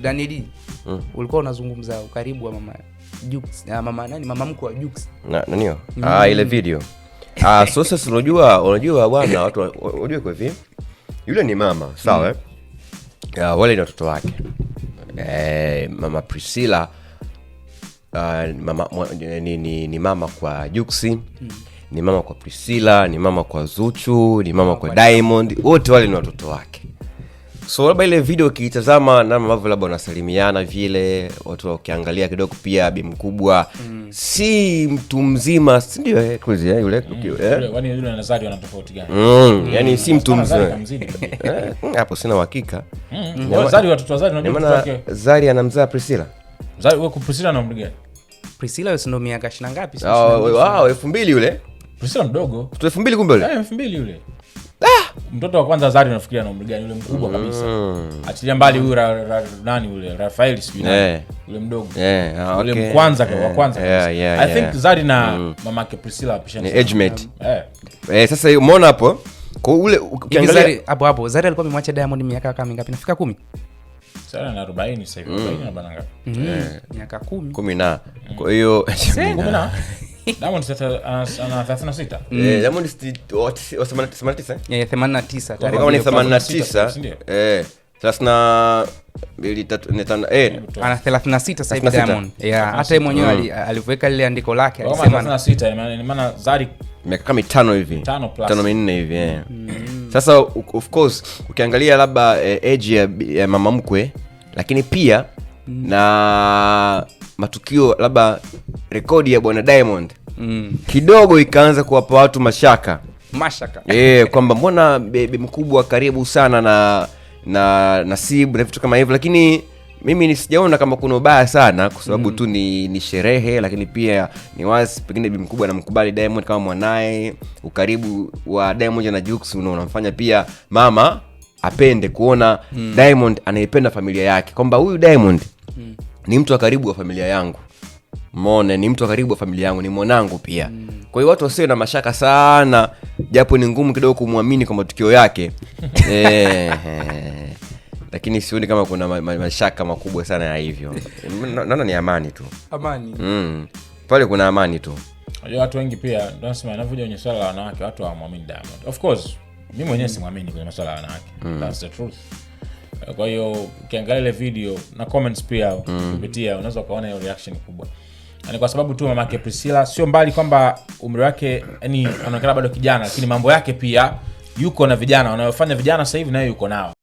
Danidi mm. ulikuwa unazungumza ukaribu wa mama Jux, ah, mama nani, mama mko wa Jux na ah, nani mm. ah, ile video ah, so sasa unajua, unajua bwana, watu unajua kwa hivi, yule ni mama sawa mm. Uh, wale ni watoto wake eh, mama Priscilla uh, mama, ni, ni, ni mama kwa Juksi mm. ni mama kwa Priscilla, ni mama kwa Zuchu, ni mama kwa Diamond, wote wale ni watoto wake So labda ile video ukiitazama namna ambavyo labda wanasalimiana vile, watu wakiangalia kidogo, pia bi mkubwa mm. si mtu mzima, sindio eh, kuzi eh, mm. eh? mm. mm. yani si mtu mzima eh, mm, hapo, sina uhakika mm, Zari anamzaa Priscilla. Zari miaka ngapi? Oh, yule. mdogo. kumbe yule. Eh, mtoto wa kwanza Zari unafikiria na umri gani? Yule mkubwa mm. kabisa, mm. achilia mbali huyu nani ule Rafael sijui yeah. yule mdogo yeah, okay. yule mkwanza yeah. wa kwanza yeah, yeah, Yeah. I yeah. think Zari na mm. mamake Priscilla ni age mate eh. Eh, sasa hiyo umeona hapo kwa ule ukiangalia hapo hapo Zari alikuwa amemwacha Diamond miaka kama mingapi? nafika kumi mm. eh. miaka 10 10 na mm. kwa hiyo 10 na Diamond sasa ana 36. Eh, Diamond mm. 89. Eh, 89. Tarehe kama ni 89. Eh. eh, ana 36 sasa hivi Diamond. Yeah, hata yeye mwenyewe alivyoweka mm. lile andiko lake oh, alisema eh, maana Zari miaka kama mitano hivi, tano minne hivi eh. Mm. Sasa of course ukiangalia labda eh, age ya, ya mama mkwe, lakini pia na matukio labda rekodi ya bwana Diamond mm. kidogo ikaanza kuwapa watu mashaka mashaka e, kwamba mbona bebi mkubwa karibu sana na na Nasibu na vitu kama hivyo, lakini mimi ni sijaona kama kuna ubaya sana, kwa sababu mm. tu ni, ni sherehe, lakini pia ni wazi pengine bi mkubwa anamkubali Diamond kama mwanaye. Ukaribu wa Diamond na Jux unamfanya pia mama apende kuona mm. Diamond anayependa familia yake, kwamba huyu Diamond mm. ni mtu wa karibu wa familia yangu mone ni mtu wa karibu wa familia yangu, ni mwanangu pia mm. Kwa hiyo watu wasio na mashaka sana, japo ni ngumu kidogo kumwamini kwa matukio yake e, lakini sioni kama kuna ma, ma, mashaka makubwa sana ya hivyo. Naona ni amani tu, amani mm. Pale kuna amani tu. Unajua watu wengi pia nasema inavyoja kwenye swala la wanawake, watu hawamwamini Diamond. Of course mi mwenyewe mm. simwamini kwenye maswala ya wanawake mm. That's the truth kwa hiyo ukiangalia ile video na comments pia mm. kupitia mm. unaweza ukaona hiyo reaction kubwa ni kwa sababu tu mama yake Priscilla, sio mbali kwamba umri wake, yani anaonekana bado kijana, lakini mambo yake pia yuko na vijana wanayofanya vijana sasa hivi nayo yuko nao.